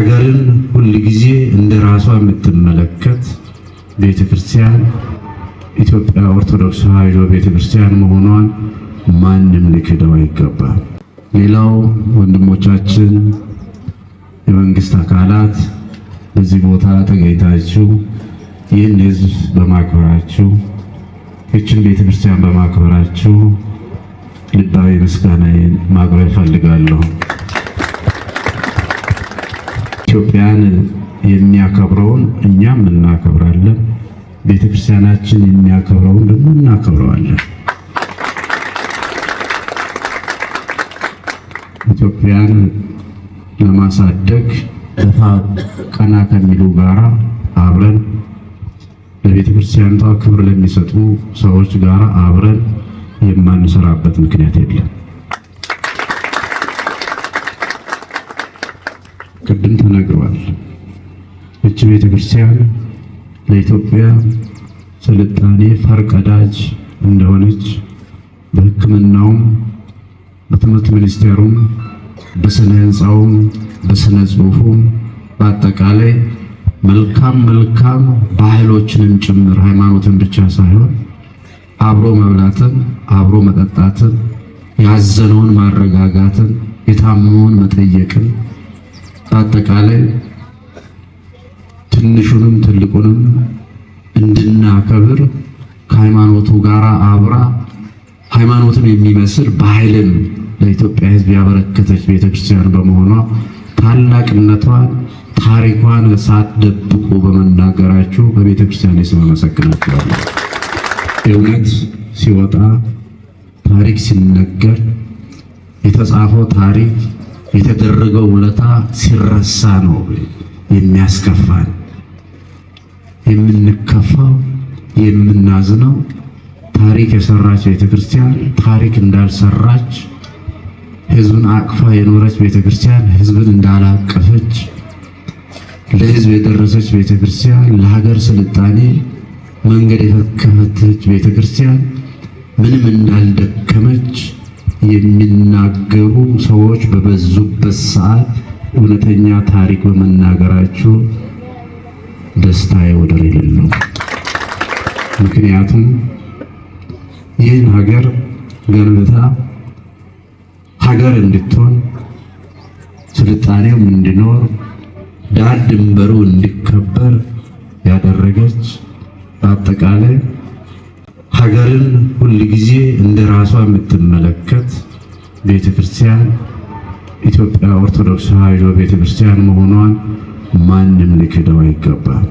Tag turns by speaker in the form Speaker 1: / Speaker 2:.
Speaker 1: ሀገርን ጊዜ እንደ ራሷ የምትመለከት ቤተክርስቲያን ኢትዮጵያ ኦርቶዶክስ ተዋሕዶ ቤተክርስቲያን መሆኗን ማንም ሊክደው አይገባም። ሌላው ወንድሞቻችን የመንግስት አካላት በዚህ ቦታ ተገኝታችሁ ይህን ህዝብ በማክበራችሁ ይችን ቤተክርስቲያን በማክበራችሁ ልባዊ ምስጋናዬን ማቅረብ እፈልጋለሁ። ኢትዮጵያን የሚያከብረውን እኛም እናከብራለን። ቤተክርስቲያናችን የሚያከብረውን ደግሞ እናከብረዋለን። ኢትዮጵያን ለማሳደግ ደፋ ቀና ከሚሉ ጋራ አብረን ለቤተ ክርስቲያኗ ክብር ለሚሰጡ ሰዎች ጋር አብረን የማንሰራበት ምክንያት የለም። ቅድም ተናግሯል። እች ቤተ ክርስቲያን ለኢትዮጵያ ስልጣኔ ፈርቀዳጅ እንደሆነች በሕክምናውም በትምህርት ሚኒስቴሩም በስነ ህንፃውም በስነ ጽሁፉም በአጠቃላይ መልካም መልካም ባህሎችንም ጭምር ሃይማኖትን ብቻ ሳይሆን አብሮ መብላትን፣ አብሮ መጠጣትን፣ ያዘነውን ማረጋጋትን፣ የታመመውን መጠየቅን በአጠቃላይ ትንሹንም ትልቁንም እንድናከብር ከሃይማኖቱ ጋር አብራ ሃይማኖትን የሚመስል ባህልን ለኢትዮጵያ ሕዝብ ያበረከተች ቤተክርስቲያን በመሆኗ ታላቅነቷን ታሪኳን ሳትደብቁ በመናገራችሁ በቤተክርስቲያን ስም አመሰግናችኋለሁ። እውነት ሲወጣ ታሪክ ሲነገር የተጻፈው ታሪክ የተደረገው ውለታ ሲረሳ ነው የሚያስከፋን። የምንከፋው የምናዝነው ታሪክ የሰራች ቤተክርስቲያን ታሪክ እንዳልሰራች፣ ህዝብን አቅፋ የኖረች ቤተክርስቲያን ህዝብን እንዳላቀፈች፣ ለህዝብ የደረሰች ቤተክርስቲያን ለሀገር ስልጣኔ መንገድ የከፈተች ቤተክርስቲያን ምንም እንዳልደከመች የሚል የተናገሩ ሰዎች በበዙበት ሰዓት እውነተኛ ታሪክ በመናገራችሁ ደስታ ወደር የሌለው። ምክንያቱም ይህን ሀገር ገንብታ ሀገር እንድትሆን ስልጣኔውም እንዲኖር ዳር ድንበሩ እንዲከበር ያደረገች በአጠቃላይ ሀገርን ሁልጊዜ እንደ ራሷ የምትመለከት ቤተ ክርስቲያን ኢትዮጵያ ኦርቶዶክስ ተዋሕዶ ቤተ ክርስቲያን መሆኗን ማንም ሊክደው አይገባም።